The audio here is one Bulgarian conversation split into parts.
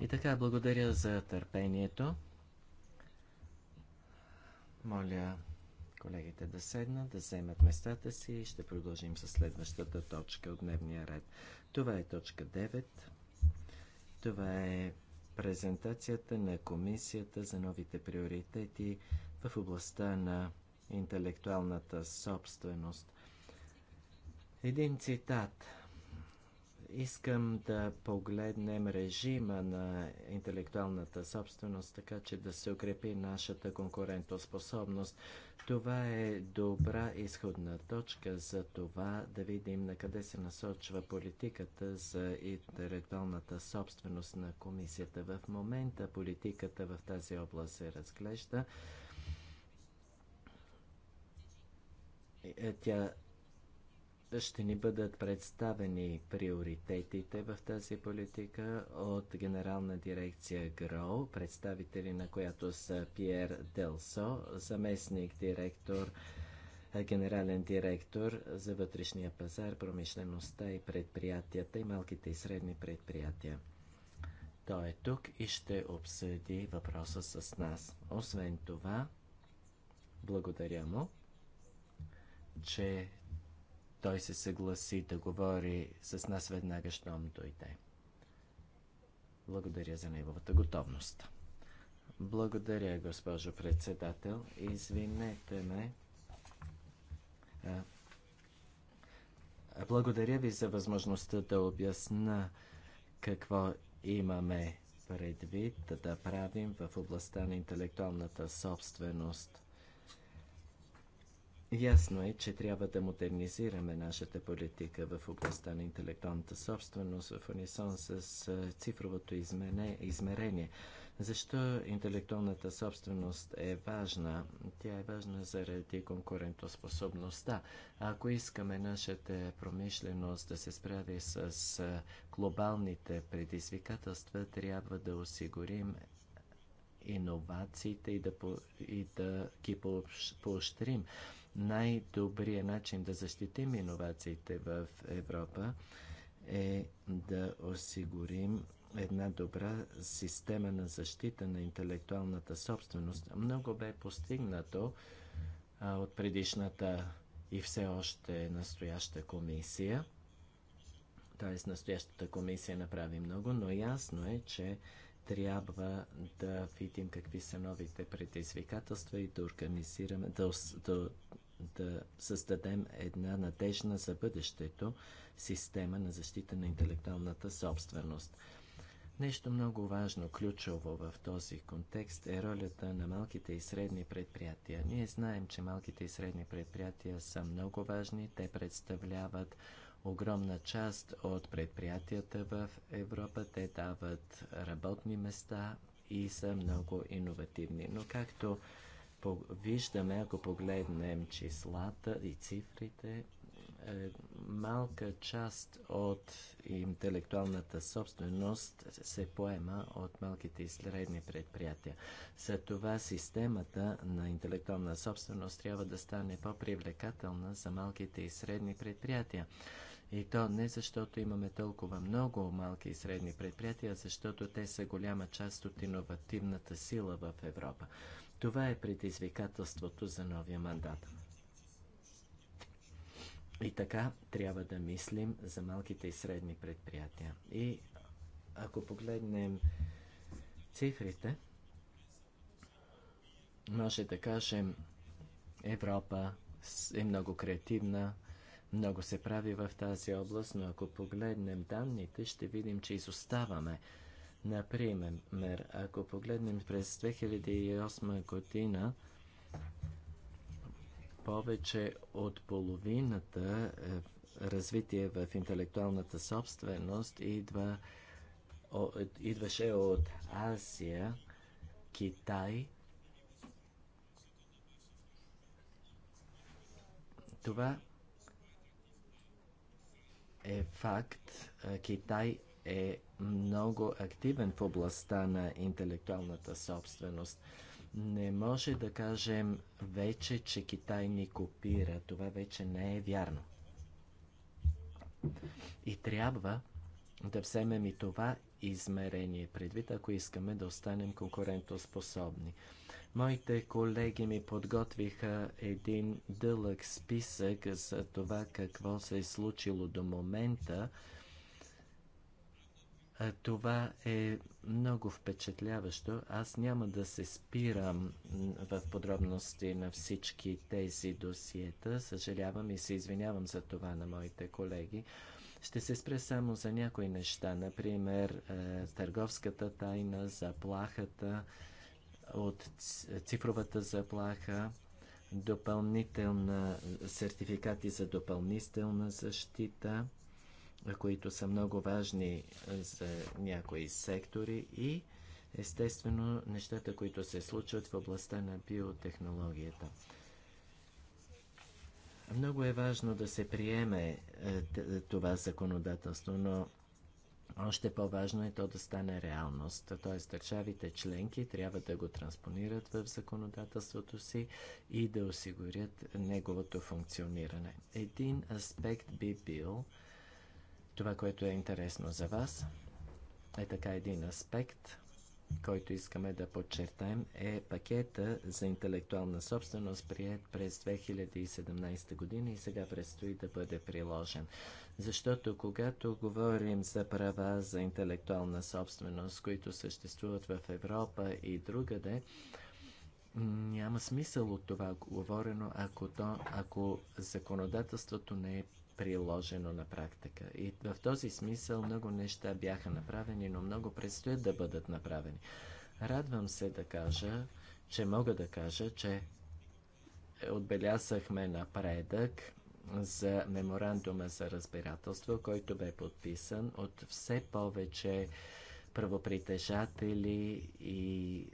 И така, благодаря за търпението. Моля колегите да седнат, да вземат местата си и ще продължим с следващата точка от дневния ред. Това е точка 9. Това е презентацията на Комисията за новите приоритети в областта на интелектуалната собственост. Един цитат – Искам да погледнем режима на интелектуалната собственост, така че да се укрепи нашата конкурентоспособност. Това е добра изходна точка за това да видим на къде се насочва политиката за интелектуалната собственост на комисията. В момента политиката в тази област се разглежда. Е, тя ще ни бъдат представени приоритетите в тази политика от генерална дирекция ГРО, представители на която са Пьер Делсо, заместник директор, генерален директор за вътрешния пазар, промишлеността и предприятията и малките и средни предприятия. Той е тук и ще обсъди въпроса с нас. Освен това, благодаря му, че той се съгласи да говори с нас веднага, щом дойде. Благодаря за неговата готовност. Благодаря, госпожо председател. Извинете ме. Благодаря ви за възможността да обясна какво имаме предвид да правим в областта на интелектуалната собственост. Ясно е, че трябва да модернизираме нашата политика в областта на интелектуалната собственост в унисон с цифровото измерение. Защо интелектуалната собственост е важна? Тя е важна заради конкурентоспособността. Ако искаме нашата промишленост да се справи с глобалните предизвикателства, трябва да осигурим иновациите и да, и да ги поощрим най-добрият начин да защитим иновациите в Европа е да осигурим една добра система на защита на интелектуалната собственост. Много бе постигнато а, от предишната и все още настояща комисия. Т.е. настоящата комисия направи много, но ясно е, че трябва да видим какви са новите предизвикателства и да организираме, да, да да създадем една надежна за бъдещето система на защита на интелектуалната собственост. Нещо много важно, ключово в този контекст е ролята на малките и средни предприятия. Ние знаем, че малките и средни предприятия са много важни. Те представляват огромна част от предприятията в Европа. Те дават работни места и са много иновативни. Но както виждаме, ако погледнем числата и цифрите, е, малка част от интелектуалната собственост се поема от малките и средни предприятия. За това системата на интелектуална собственост трябва да стане по-привлекателна за малките и средни предприятия. И то не защото имаме толкова много малки и средни предприятия, а защото те са голяма част от иновативната сила в Европа. Това е предизвикателството за новия мандат. И така трябва да мислим за малките и средни предприятия. И ако погледнем цифрите, може да кажем, Европа е много креативна, много се прави в тази област, но ако погледнем данните, ще видим, че изоставаме. Например, ако погледнем през 2008 година, повече от половината е, развитие в интелектуалната собственост идва, идваше от Азия, Китай. Това е факт. Китай е много активен в областта на интелектуалната собственост. Не може да кажем вече, че Китай ни копира. Това вече не е вярно. И трябва да вземем и това измерение предвид, ако искаме да останем конкурентоспособни. Моите колеги ми подготвиха един дълъг списък за това какво се е случило до момента. Това е много впечатляващо. Аз няма да се спирам в подробности на всички тези досиета. Съжалявам и се извинявам за това на моите колеги. Ще се спре само за някои неща, например е, търговската тайна, заплахата, от цифровата заплаха, допълнителна сертификати за допълнителна защита, които са много важни за някои сектори и естествено нещата, които се случват в областта на биотехнологията. Много е важно да се приеме е, това законодателство, но още по-важно е то да стане реалност, т.е. държавите членки трябва да го транспонират в законодателството си и да осигурят неговото функциониране. Един аспект би бил това, което е интересно за вас, е така един аспект – който искаме да подчертаем, е пакета за интелектуална собственост, прият през 2017 година и сега предстои да бъде приложен. Защото когато говорим за права за интелектуална собственост, които съществуват в Европа и другаде, няма смисъл от това говорено, ако, то, ако законодателството не е приложено на практика. И в този смисъл много неща бяха направени, но много предстоят да бъдат направени. Радвам се да кажа, че мога да кажа, че отбелязахме напредък за меморандума за разбирателство, който бе подписан от все повече правопритежатели и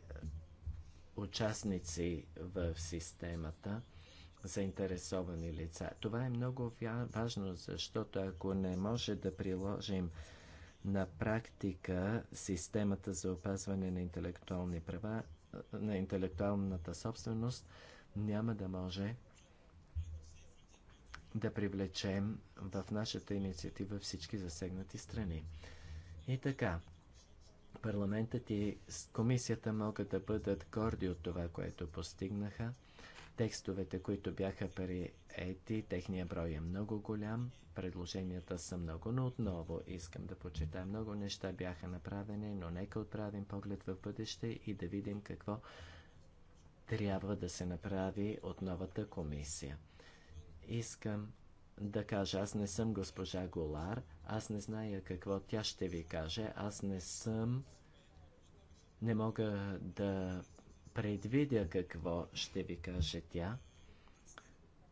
участници в системата заинтересовани лица. Това е много важно, защото ако не може да приложим на практика системата за опазване на интелектуални права, на интелектуалната собственост, няма да може да привлечем в нашата инициатива всички засегнати страни. И така, парламентът и комисията могат да бъдат горди от това, което постигнаха. Текстовете, които бяха приети, техния брой е много голям, предложенията са много, но отново искам да почета. Много неща бяха направени, но нека отправим поглед в бъдеще и да видим какво трябва да се направи от новата комисия. Искам да кажа, аз не съм госпожа Голар, аз не зная какво тя ще ви каже, аз не съм, не мога да предвидя какво ще ви каже тя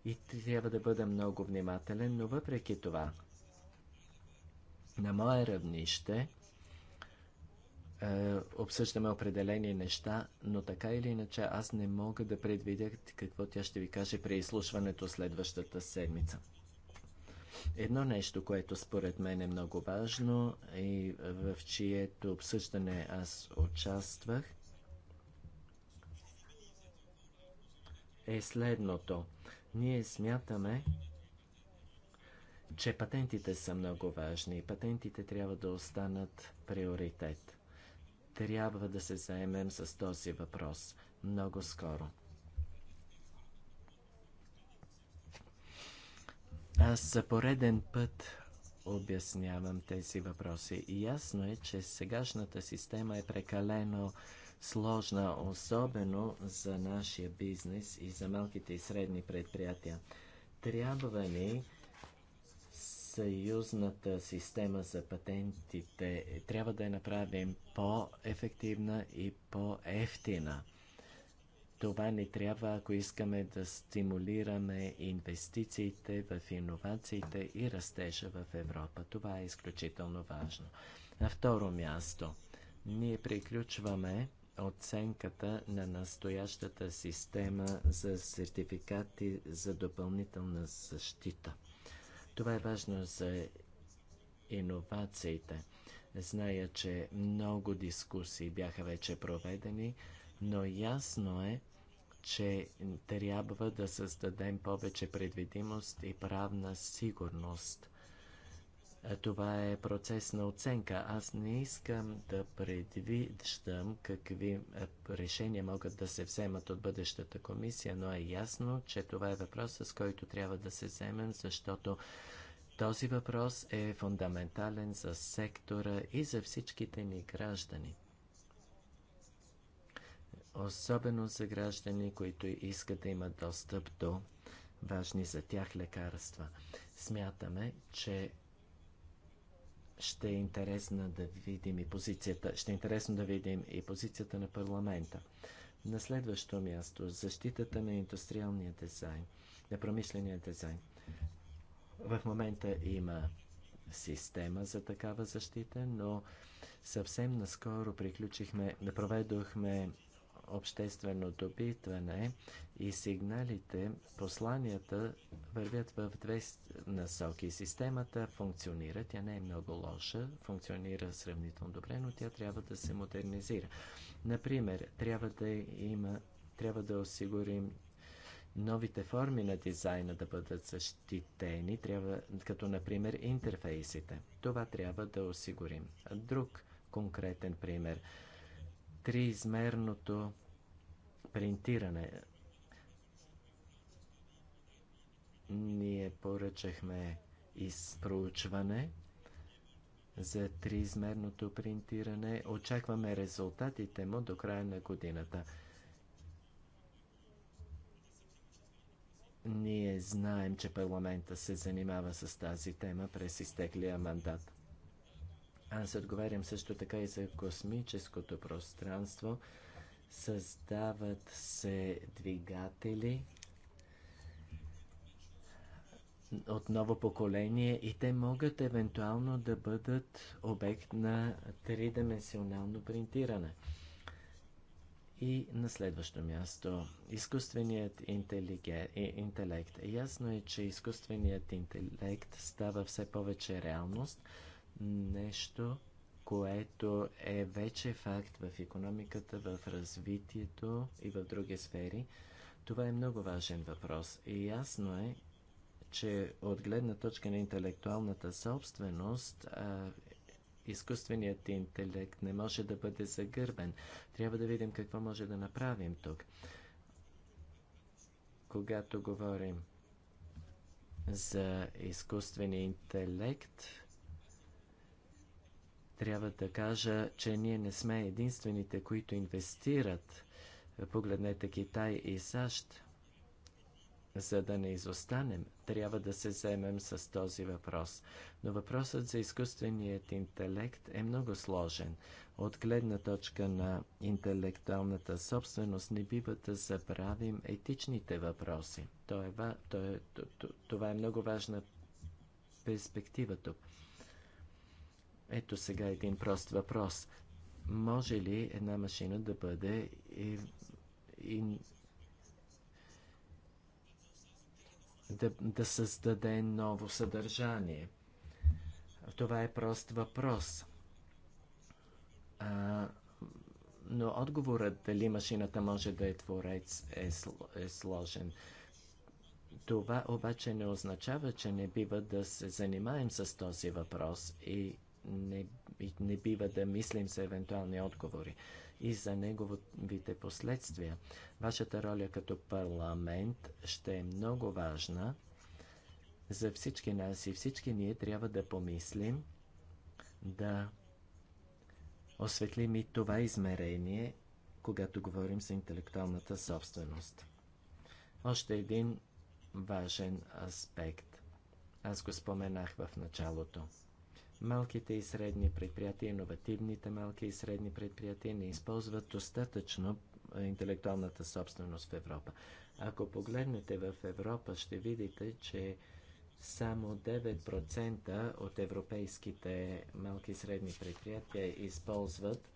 и трябва да бъда много внимателен, но въпреки това, на мое равнище е, обсъждаме определени неща, но така или иначе аз не мога да предвидя какво тя ще ви каже при изслушването следващата седмица. Едно нещо, което според мен е много важно и в чието обсъждане аз участвах – е следното. Ние смятаме, че патентите са много важни и патентите трябва да останат приоритет. Трябва да се заемем с този въпрос много скоро. Аз за пореден път обяснявам тези въпроси. И ясно е, че сегашната система е прекалено сложна, особено за нашия бизнес и за малките и средни предприятия. Трябва ни съюзната система за патентите. Трябва да я направим по-ефективна и по-ефтина. Това ни трябва, ако искаме да стимулираме инвестициите в иновациите и растежа в Европа. Това е изключително важно. На второ място, ние приключваме оценката на настоящата система за сертификати за допълнителна защита. Това е важно за иновациите. Зная, че много дискусии бяха вече проведени, но ясно е, че трябва да създадем повече предвидимост и правна сигурност. Е, това е процес на оценка. Аз не искам да предвиждам какви е, решения могат да се вземат от бъдещата комисия, но е ясно, че това е въпрос, с който трябва да се вземем, защото този въпрос е фундаментален за сектора и за всичките ни граждани. Особено за граждани, които искат да имат достъп до важни за тях лекарства. Смятаме, че ще е интересно да видим и позицията, ще е интересно да видим и позицията на парламента. На следващо място, защитата на индустриалния дизайн, на промишления дизайн. В момента има система за такава защита, но съвсем наскоро приключихме, проведохме Общественото допитване и сигналите, посланията вървят в две насоки. Системата функционира, тя не е много лоша, функционира сравнително добре, но тя трябва да се модернизира. Например, трябва да има, трябва да осигурим новите форми на дизайна да бъдат защитени, трябва, като например интерфейсите. Това трябва да осигурим. Друг конкретен пример – триизмерното принтиране. Ние поръчахме изпроучване за триизмерното принтиране. Очакваме резултатите му до края на годината. Ние знаем, че парламента се занимава с тази тема през изтеклия мандат. Аз отговарям също така и за космическото пространство. Създават се двигатели от ново поколение и те могат евентуално да бъдат обект на тридименсионално принтиране. И на следващо място, изкуственият интелект. Ясно е, че изкуственият интелект става все повече реалност – нещо, което е вече факт в економиката, в развитието и в други сфери. Това е много важен въпрос и ясно е, че от гледна точка на интелектуалната собственост, а, изкуственият интелект не може да бъде загърбен. Трябва да видим какво може да направим тук. Когато говорим за изкуствения интелект, трябва да кажа, че ние не сме единствените, които инвестират. Погледнете Китай и САЩ. За да не изостанем, трябва да се вземем с този въпрос. Но въпросът за изкуственият интелект е много сложен. От гледна точка на интелектуалната собственост не бива да забравим етичните въпроси. Това е, това е, това е много важна перспектива тук. Ето сега един прост въпрос. Може ли една машина да бъде и, и да, да създаде ново съдържание? Това е прост въпрос. А, но отговорът дали машината може да е творец е, е сложен. Това обаче не означава, че не бива да се занимаем с този въпрос и не, не бива да мислим за евентуални отговори и за неговите последствия. Вашата роля като парламент ще е много важна за всички нас и всички ние трябва да помислим да осветлим и това измерение, когато говорим за интелектуалната собственост. Още един важен аспект. Аз го споменах в началото – Малките и средни предприятия, иновативните малки и средни предприятия не използват достатъчно интелектуалната собственост в Европа. Ако погледнете в Европа, ще видите, че само 9% от европейските малки и средни предприятия използват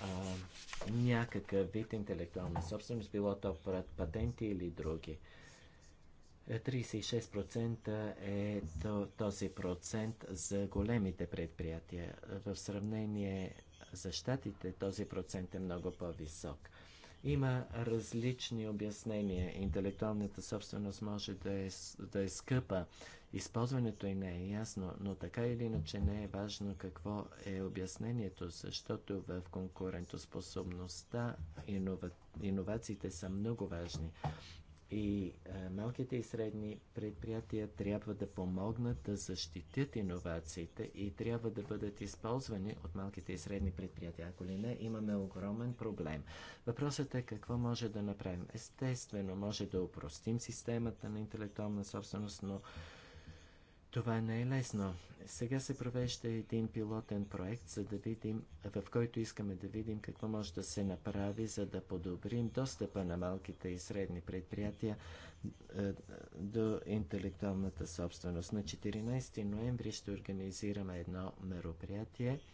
а, някакъв вид интелектуална собственост, било то патенти или други. 36% е този процент за големите предприятия. В сравнение за щатите този процент е много по-висок. Има различни обяснения. Интелектуалната собственост може да е, да е скъпа. Използването им не е ясно, но така или иначе не е важно какво е обяснението, защото в конкурентоспособността иновациите са много важни и е, малките и средни предприятия трябва да помогнат да защитят иновациите и трябва да бъдат използвани от малките и средни предприятия. Ако ли не, имаме огромен проблем. Въпросът е какво може да направим. Естествено, може да упростим системата на интелектуална собственост, но това не е лесно. Сега се провежда един пилотен проект, за да видим, в който искаме да видим какво може да се направи, за да подобрим достъпа на малките и средни предприятия е, до интелектуалната собственост. На 14 ноември ще организираме едно мероприятие –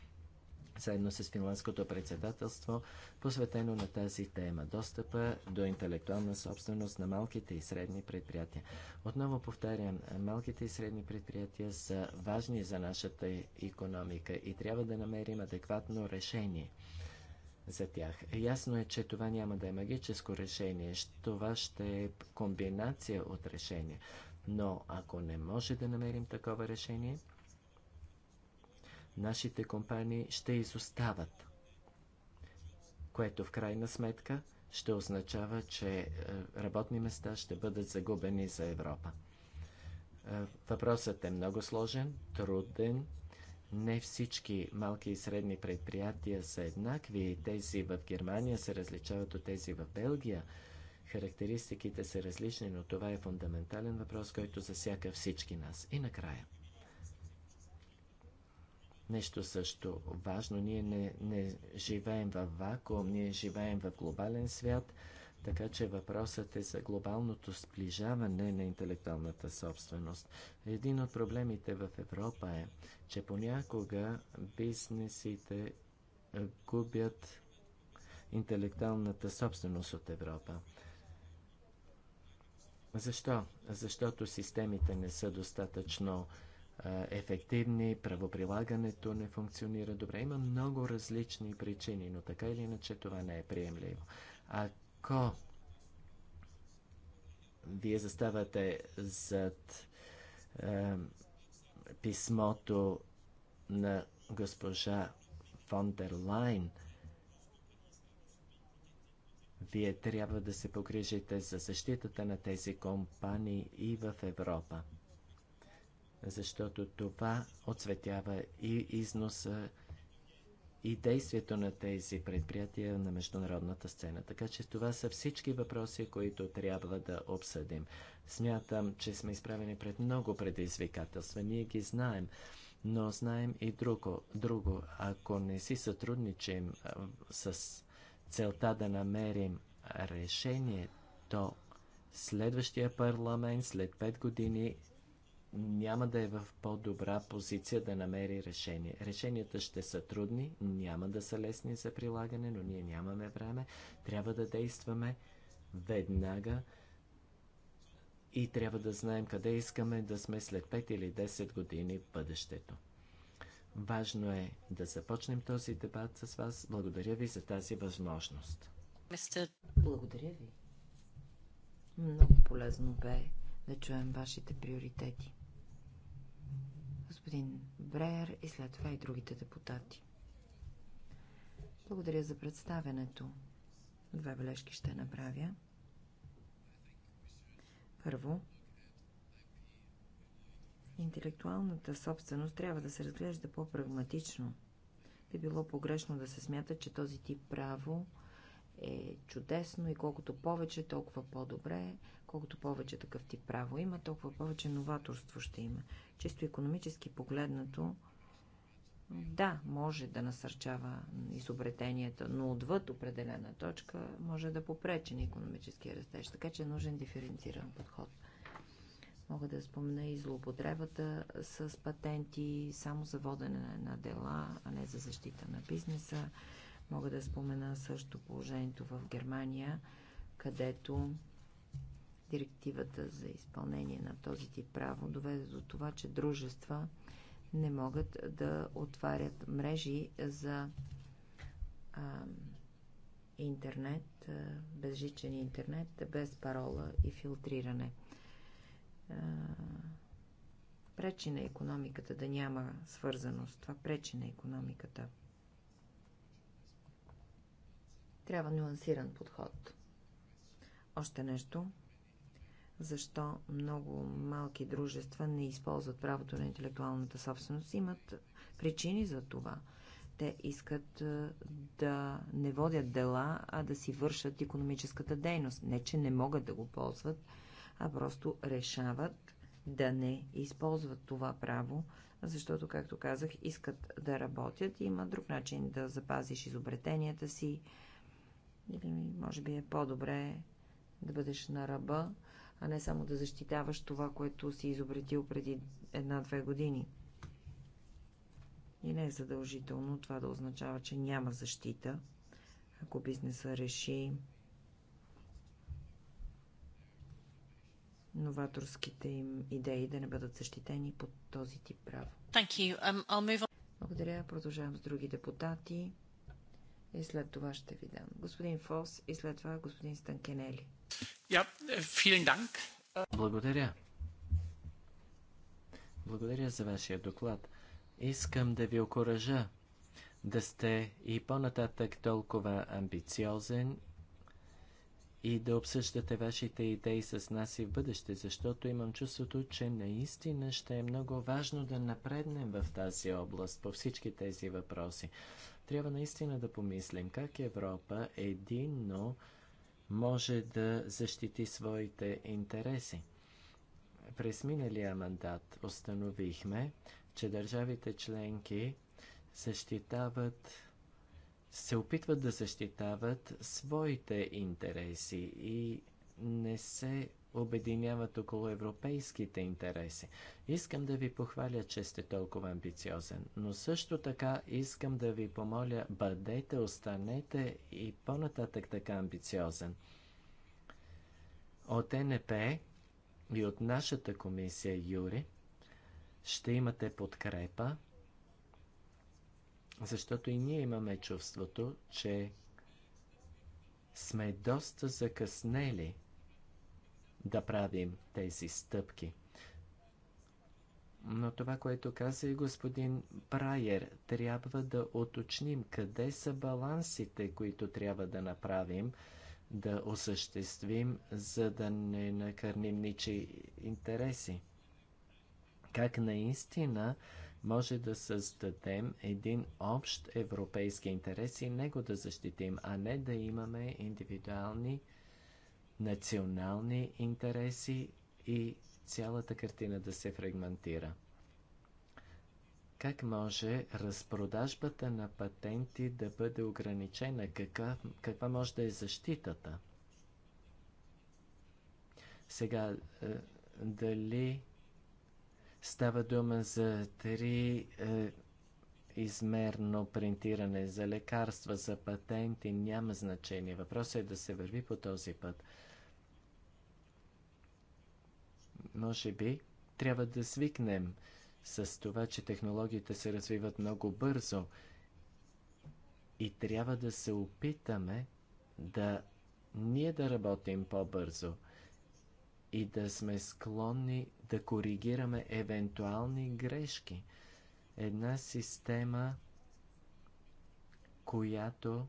заедно с финландското председателство, посветено на тази тема – достъпа до интелектуална собственост на малките и средни предприятия. Отново повтарям, малките и средни предприятия са важни за нашата економика и трябва да намерим адекватно решение за тях. Ясно е, че това няма да е магическо решение, това ще е комбинация от решения. Но ако не може да намерим такова решение, нашите компании ще изостават, което в крайна сметка ще означава, че е, работни места ще бъдат загубени за Европа. Е, въпросът е много сложен, труден. Не всички малки и средни предприятия са еднакви. Тези в Германия се различават от тези в Белгия. Характеристиките са различни, но това е фундаментален въпрос, който засяга всички нас. И накрая – Нещо също важно, ние не, не живеем в вакуум, ние живеем в глобален свят, така че въпросът е за глобалното сближаване на интелектуалната собственост. Един от проблемите в Европа е, че понякога бизнесите е, губят интелектуалната собственост от Европа. Защо? Защото системите не са достатъчно ефективни, правоприлагането не функционира добре. Има много различни причини, но така или иначе това не е приемливо. Ако вие заставате зад е, писмото на госпожа Фондерлайн, вие трябва да се погрижите за защитата на тези компании и в Европа защото това оцветява и износа, и действието на тези предприятия на международната сцена. Така че това са всички въпроси, които трябва да обсъдим. Смятам, че сме изправени пред много предизвикателства. Ние ги знаем, но знаем и друго. друго. Ако не си сътрудничим с целта да намерим решение, то следващия парламент след 5 години няма да е в по-добра позиция да намери решение. Решенията ще са трудни, няма да са лесни за прилагане, но ние нямаме време. Трябва да действаме веднага и трябва да знаем къде искаме да сме след 5 или 10 години в бъдещето. Важно е да започнем този дебат с вас. Благодаря ви за тази възможност. Благодаря ви. Много полезно бе да чуем вашите приоритети господин Бреер и след това и другите депутати. Благодаря за представянето. Две бележки ще направя. Първо, интелектуалната собственост трябва да се разглежда по-прагматично. Би било погрешно да се смята, че този тип право – е чудесно и колкото повече, толкова по-добре, колкото повече такъв тип право има, толкова повече новаторство ще има. Чисто економически погледнато, да, може да насърчава изобретенията, но отвъд определена точка може да попречи на економическия растеж, така че е нужен диференциран подход. Мога да спомена и злоупотребата с патенти само за водене на дела, а не за защита на бизнеса, Мога да спомена също положението в Германия, където директивата за изпълнение на този тип право доведе до това, че дружества не могат да отварят мрежи за а, интернет, безжичен интернет, без парола и филтриране. А, пречи на економиката да няма свързаност. Това пречи на економиката. Трябва нюансиран подход. Още нещо. Защо много малки дружества не използват правото на интелектуалната собственост? Имат причини за това. Те искат да не водят дела, а да си вършат економическата дейност. Не, че не могат да го ползват, а просто решават да не използват това право, защото, както казах, искат да работят и имат друг начин да запазиш изобретенията си, или може би е по-добре да бъдеш на ръба, а не само да защитаваш това, което си изобретил преди една-две години. И не е задължително това да означава, че няма защита, ако бизнеса реши новаторските им идеи да не бъдат защитени под този тип право. Um, Благодаря. Продължавам с други депутати и след това ще ви дам. Господин Фос и след това господин Станкенели. Ja, Dank. Благодаря. Благодаря за вашия доклад. Искам да ви окоръжа да сте и по-нататък толкова амбициозен и да обсъждате вашите идеи с нас и в бъдеще, защото имам чувството, че наистина ще е много важно да напреднем в тази област по всички тези въпроси. Трябва наистина да помислим как Европа единно може да защити своите интереси. През миналия мандат установихме, че държавите членки защитават се опитват да защитават своите интереси и не се обединяват около европейските интереси. Искам да ви похваля, че сте толкова амбициозен, но също така искам да ви помоля, бъдете, останете и по-нататък така амбициозен. От НП и от нашата комисия Юри ще имате подкрепа, защото и ние имаме чувството, че сме доста закъснели – да правим тези стъпки. Но това, което каза и господин Прайер, трябва да оточним къде са балансите, които трябва да направим, да осъществим, за да не накърним ничи интереси. Как наистина може да създадем един общ европейски интерес и него да защитим, а не да имаме индивидуални национални интереси и цялата картина да се фрагментира. Как може разпродажбата на патенти да бъде ограничена? Каква, каква може да е защитата? Сега, е, дали става дума за три е, измерно принтиране за лекарства, за патенти, няма значение. Въпросът е да се върви по този път. Може би трябва да свикнем с това, че технологиите се развиват много бързо и трябва да се опитаме да ние да работим по-бързо и да сме склонни да коригираме евентуални грешки. Една система, която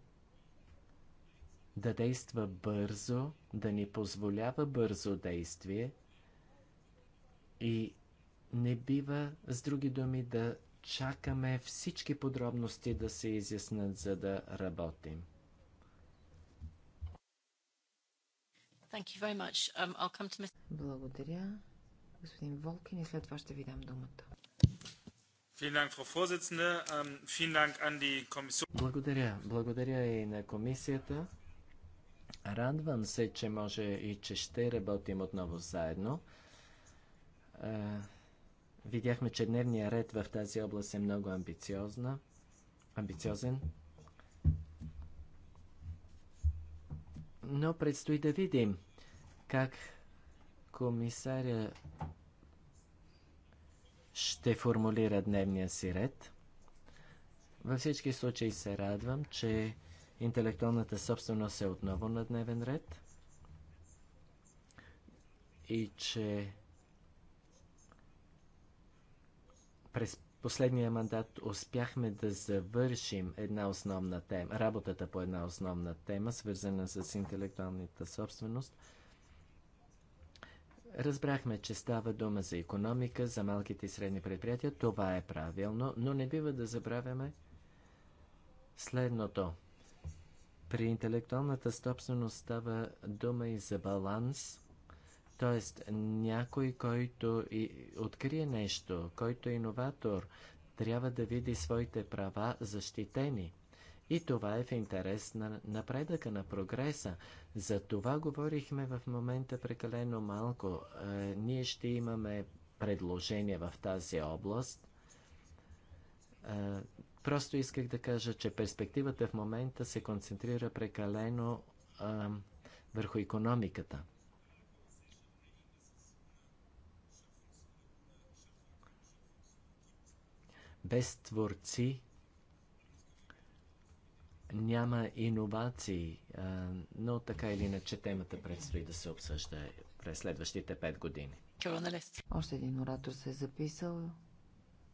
да действа бързо, да ни позволява бързо действие – и не бива, с други думи, да чакаме всички подробности да се изяснат, за да работим. Um, Благодаря. Господин Волкин и след това ще ви дам думата. Ähm, Благодаря. Благодаря и на комисията. Радвам се, че може и че ще работим отново заедно видяхме, че дневния ред в тази област е много амбициозна, амбициозен. Но предстои да видим как комисаря ще формулира дневния си ред. Във всички случаи се радвам, че интелектуалната собственост е отново на дневен ред и че През последния мандат успяхме да завършим една основна тема, работата по една основна тема, свързана с интелектуалната собственост. Разбрахме, че става дума за економика, за малките и средни предприятия. Това е правилно, но не бива да забравяме следното. При интелектуалната собственост става дума и за баланс – Тоест, някой, който и открие нещо, който е иноватор, трябва да види своите права защитени. И това е в интерес на напредъка, на прогреса. За това говорихме в момента прекалено малко. Е, ние ще имаме предложение в тази област. Е, просто исках да кажа, че перспективата в момента се концентрира прекалено върху економиката. Без творци няма иновации, но така или иначе темата предстои да се обсъжда през следващите пет години. Още един оратор се е записал.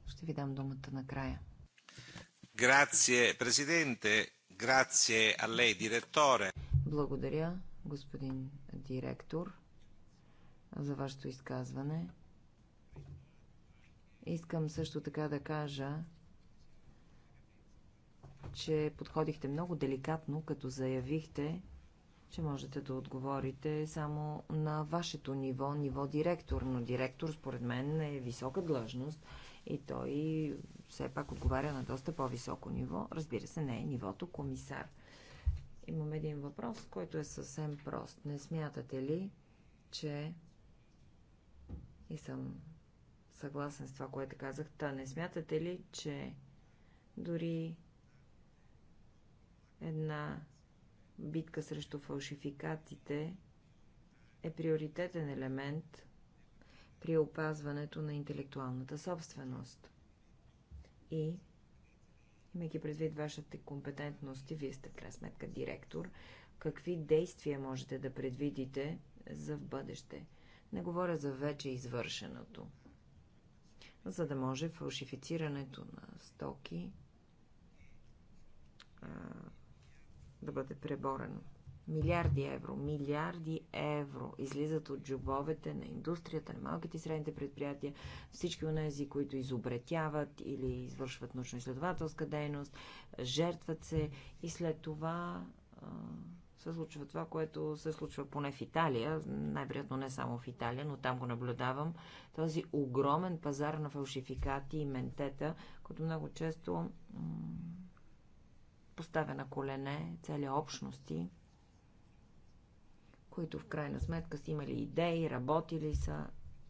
Ще ви дам думата накрая. Грация, президенте. Грация, алей, директоре. Благодаря, господин директор, за вашето изказване. Искам също така да кажа, че подходихте много деликатно, като заявихте, че можете да отговорите само на вашето ниво, ниво директор. Но директор, според мен, е висока длъжност и той все пак отговаря на доста по-високо ниво. Разбира се, не е нивото комисар. Имам един въпрос, който е съвсем прост. Не смятате ли, че и съм съгласен с това, което казах. Та не смятате ли, че дори една битка срещу фалшификатите е приоритетен елемент при опазването на интелектуалната собственост. И, имайки предвид вашите компетентности, вие сте, крайна сметка, директор, какви действия можете да предвидите за в бъдеще? Не говоря за вече извършеното за да може фалшифицирането на стоки а, да бъде преборено. Милиарди евро, милиарди евро излизат от джобовете на индустрията, на малките и средните предприятия, всички от тези, които изобретяват или извършват научно-изследователска дейност, жертват се и след това а, се случва това, което се случва поне в Италия, най-вероятно не само в Италия, но там го наблюдавам, този огромен пазар на фалшификати и ментета, който много често поставя на колене цели общности, които в крайна сметка са имали идеи, работили са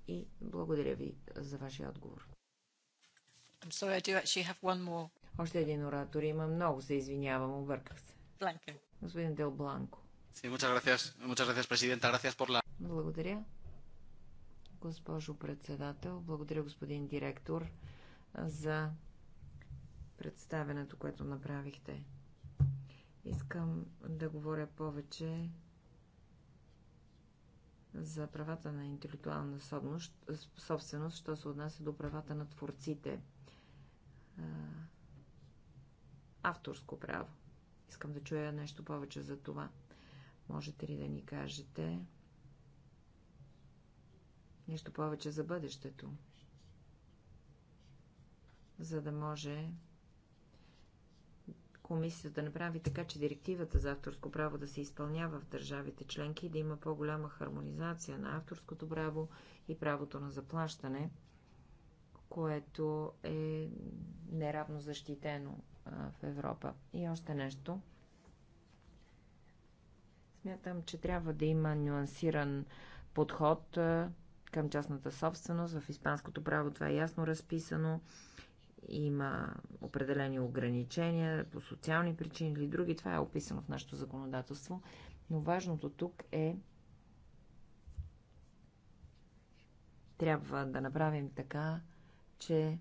и благодаря ви за вашия отговор. I'm sorry, I do actually have one more. Още един оратор има много, се извинявам, обърках се. Господин Дел Бланко. Благодаря. Госпожо председател, благодаря господин директор за представенето, което направихте. Искам да говоря повече за правата на интелектуална собственост, що се отнася до правата на творците. Авторско право. Искам да чуя нещо повече за това. Можете ли да ни кажете нещо повече за бъдещето? За да може комисията да направи така, че директивата за авторско право да се изпълнява в държавите членки и да има по-голяма хармонизация на авторското право и правото на заплащане, което е неравно защитено в Европа. И още нещо. Смятам, че трябва да има нюансиран подход към частната собственост. В испанското право това е ясно разписано. Има определени ограничения по социални причини или други. Това е описано в нашето законодателство. Но важното тук е трябва да направим така, че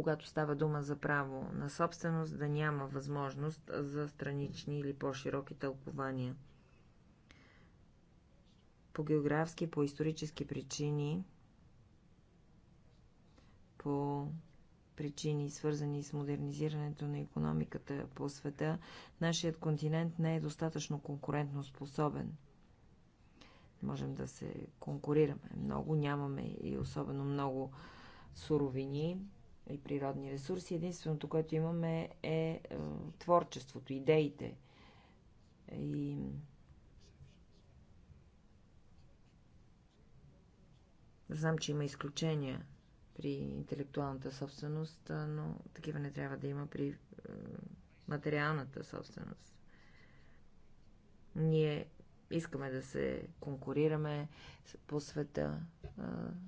когато става дума за право на собственост, да няма възможност за странични или по-широки тълкования. По географски, по исторически причини, по причини, свързани с модернизирането на економиката по света, нашият континент не е достатъчно конкурентно способен. можем да се конкурираме много, нямаме и особено много суровини, и природни ресурси. Единственото, което имаме е, е творчеството, идеите. И Знам, че има изключения при интелектуалната собственост, но такива не трябва да има при е, материалната собственост. Ние искаме да се конкурираме по света,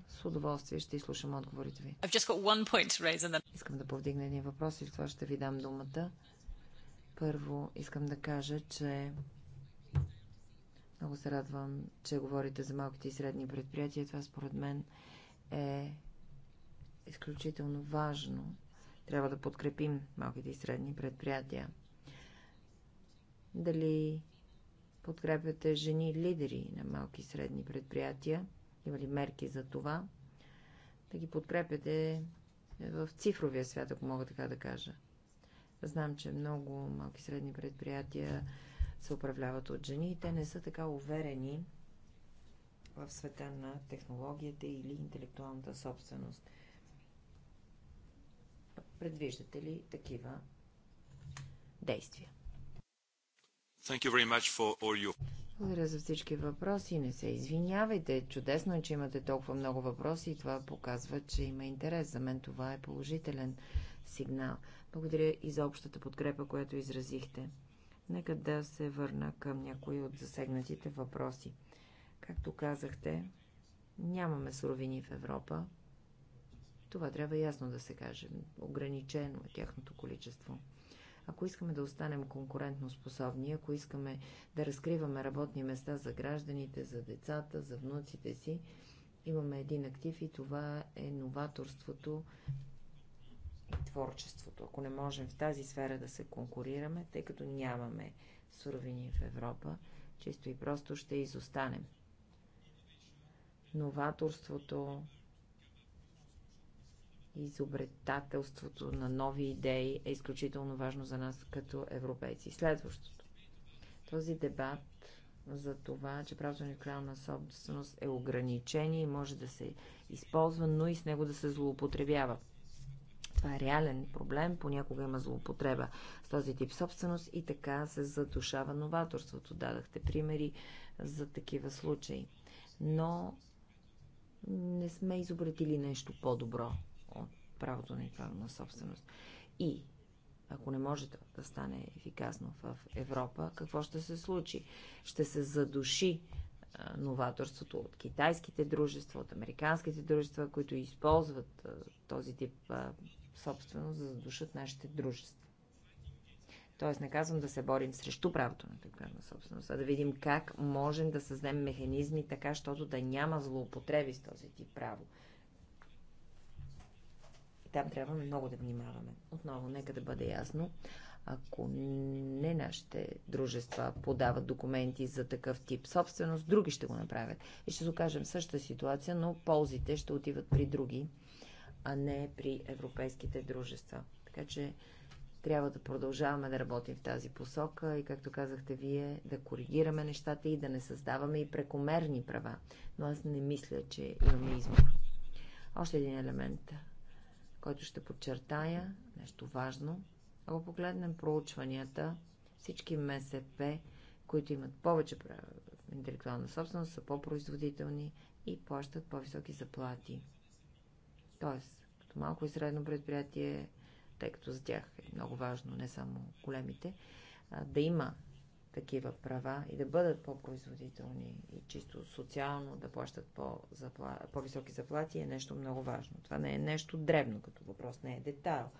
с удоволствие ще изслушам отговорите ви. Then... Искам да повдигна един въпрос и в това ще ви дам думата. Първо искам да кажа, че много се радвам, че говорите за малките и средни предприятия. Това според мен е изключително важно. Трябва да подкрепим малките и средни предприятия. Дали подкрепяте жени лидери на малки и средни предприятия? Има ли мерки за това? Да ги подкрепяте в цифровия свят, ако мога така да кажа. Знам, че много малки и средни предприятия се управляват от жени и те не са така уверени в света на технологията или интелектуалната собственост. Предвиждате ли такива действия? Благодаря за всички въпроси. Не се извинявайте. Чудесно е, че имате толкова много въпроси и това показва, че има интерес. За мен това е положителен сигнал. Благодаря и за общата подкрепа, която изразихте. Нека да се върна към някои от засегнатите въпроси. Както казахте, нямаме суровини в Европа. Това трябва ясно да се каже. Ограничено е тяхното количество. Ако искаме да останем конкурентно способни, ако искаме да разкриваме работни места за гражданите, за децата, за внуците си, имаме един актив и това е новаторството и творчеството. Ако не можем в тази сфера да се конкурираме, тъй като нямаме суровини в Европа, чисто и просто ще изостанем. Новаторството, изобретателството на нови идеи е изключително важно за нас като европейци. Следващото. Този дебат за това, че правото на индустриална собственост е ограничение и може да се използва, но и с него да се злоупотребява. Това е реален проблем, понякога има злоупотреба с този тип собственост и така се задушава новаторството. Дадахте примери за такива случаи. Но не сме изобретили нещо по-добро правото на интелектуална собственост. И ако не може да стане ефикасно в Европа, какво ще се случи? Ще се задуши а, новаторството от китайските дружества, от американските дружества, които използват а, този тип а, собственост, за да задушат нашите дружества. Тоест не казвам да се борим срещу правото на интелектуална собственост, а да видим как можем да създадем механизми така, щото да няма злоупотреби с този тип право. Там трябва много да внимаваме. Отново, нека да бъде ясно. Ако не нашите дружества подават документи за такъв тип собственост, други ще го направят. И ще се окажем същата ситуация, но ползите ще отиват при други, а не при европейските дружества. Така че трябва да продължаваме да работим в тази посока и, както казахте вие, да коригираме нещата и да не създаваме и прекомерни права. Но аз не мисля, че имаме избор. Още един елемент който ще подчертая, нещо важно. Ако погледнем проучванията, всички МСП, които имат повече интелектуална собственост, са по-производителни и плащат по-високи заплати. Тоест, като малко и средно предприятие, тъй като за тях е много важно, не само големите, да има такива права и да бъдат по-производителни и чисто социално да плащат по-високи -запла... по заплати е нещо много важно. Това не е нещо древно като въпрос, не е детайл.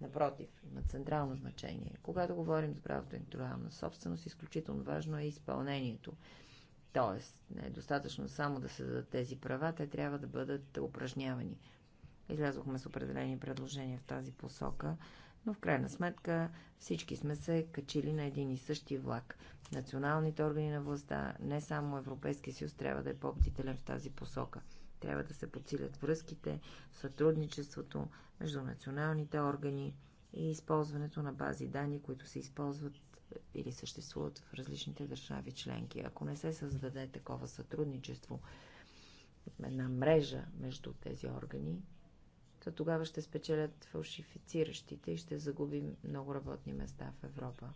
Напротив, има централно значение. Когато говорим за правото индивидуална собственост, изключително важно е изпълнението. Тоест, не е достатъчно само да се дадат тези права, те трябва да бъдат упражнявани. Излязохме с определени предложения в тази посока но в крайна сметка всички сме се качили на един и същи влак. Националните органи на властта, не само Европейския съюз, трябва да е по-бдителен в тази посока. Трябва да се подсилят връзките, сътрудничеството между националните органи и използването на бази данни, които се използват е, или съществуват в различните държави членки. Ако не се създаде такова сътрудничество, една мрежа между тези органи, то тогава ще спечелят фалшифициращите и ще загубим много работни места в Европа.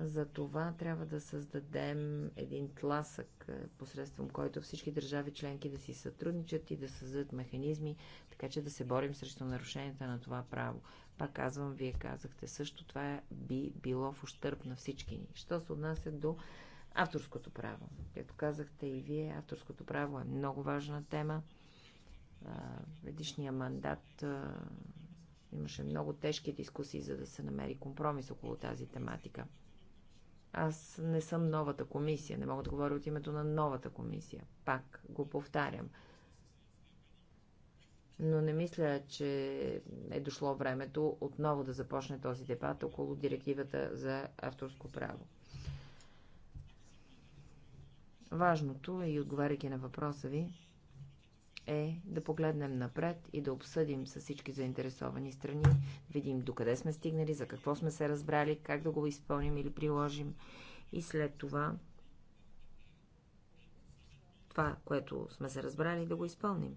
За това трябва да създадем един тласък, е, посредством който всички държави членки да си сътрудничат и да създадат механизми, така че да се борим срещу нарушенията на това право. Пак казвам, вие казахте също, това е, би било в ущърп на всички ни. Що се отнася до авторското право? Както казахте и вие, авторското право е много важна тема предишния мандат имаше много тежки дискусии, за да се намери компромис около тази тематика. Аз не съм новата комисия, не мога да говоря от името на новата комисия. Пак го повтарям. Но не мисля, че е дошло времето отново да започне този дебат около директивата за авторско право. Важното е и отговаряйки на въпроса ви, е да погледнем напред и да обсъдим с всички заинтересовани страни, видим докъде сме стигнали, за какво сме се разбрали, как да го изпълним или приложим и след това това, което сме се разбрали, да го изпълним.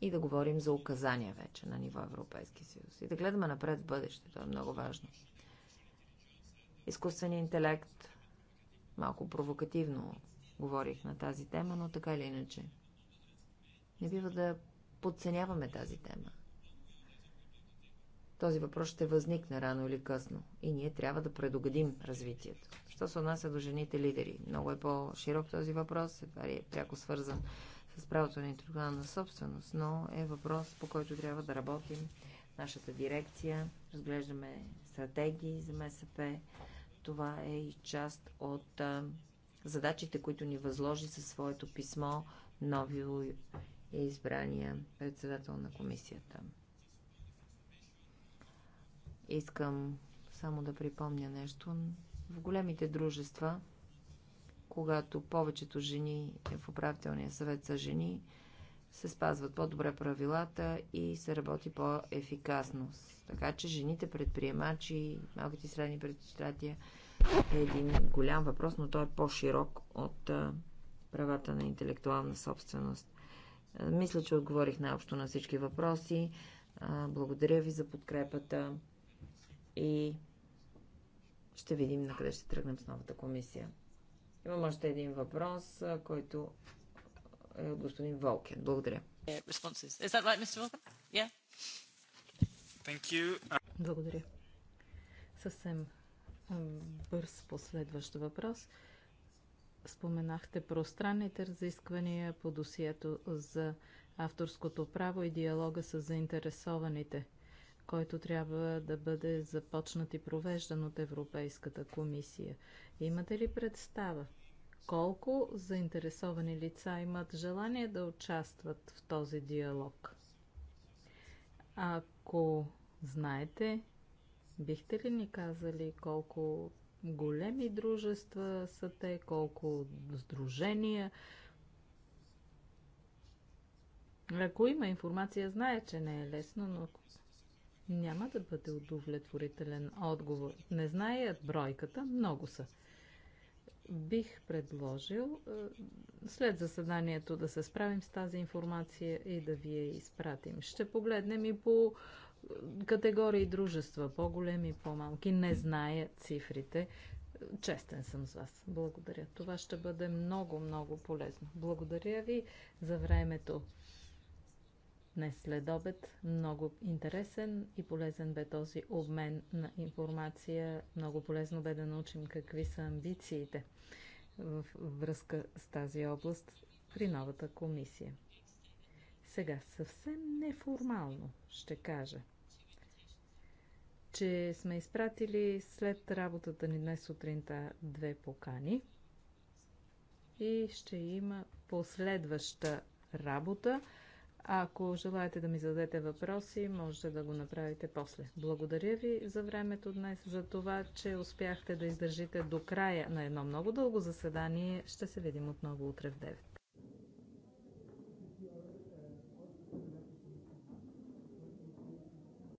И да говорим за указания вече на ниво Европейски съюз. И да гледаме напред в бъдещето е много важно. Изкуственият интелект, малко провокативно говорих на тази тема, но така или иначе. Не бива да подценяваме тази тема. Този въпрос ще възникне рано или късно и ние трябва да предугадим развитието. Що се отнася до жените лидери? Много е по-широк този въпрос, едва ли е пряко свързан с правото на интелектуална собственост, но е въпрос, по който трябва да работим. Нашата дирекция, разглеждаме стратегии за МСП. Това е и част от задачите, които ни възложи със своето писмо новио избрания председател на комисията. Искам само да припомня нещо. В големите дружества, когато повечето жени в управителния съвет са жени, се спазват по-добре правилата и се работи по-ефикасно. Така че жените предприемачи, малките и средни предприятия е един голям въпрос, но той е по-широк от правата на интелектуална собственост. Мисля, че отговорих най-общо на всички въпроси. Благодаря ви за подкрепата и ще видим на къде ще тръгнем с новата комисия. Имам още един въпрос, който е от господин Волкен. Благодаря. Благодаря. Съвсем бърз последващ въпрос. Споменахте пространните разисквания по досието за авторското право и диалога с заинтересованите, който трябва да бъде започнат и провеждан от Европейската комисия. Имате ли представа колко заинтересовани лица имат желание да участват в този диалог? Ако знаете Бихте ли ни казали колко големи дружества са те, колко сдружения? Ако има информация, знае, че не е лесно, но няма да бъде удовлетворителен отговор. Не знаят бройката, много са. Бих предложил е, след заседанието да се справим с тази информация и да ви я изпратим. Ще погледнем и по категории дружества, по-големи по-малки, не зная цифрите. Честен съм с вас. Благодаря. Това ще бъде много, много полезно. Благодаря ви за времето. Днес след обед много интересен и полезен бе този обмен на информация. Много полезно бе да научим какви са амбициите в връзка с тази област при новата комисия. Сега съвсем неформално ще кажа, че сме изпратили след работата ни днес сутринта две покани и ще има последваща работа. Ако желаете да ми зададете въпроси, можете да го направите после. Благодаря ви за времето днес, за това, че успяхте да издържите до края на едно много дълго заседание. Ще се видим отново утре в 9.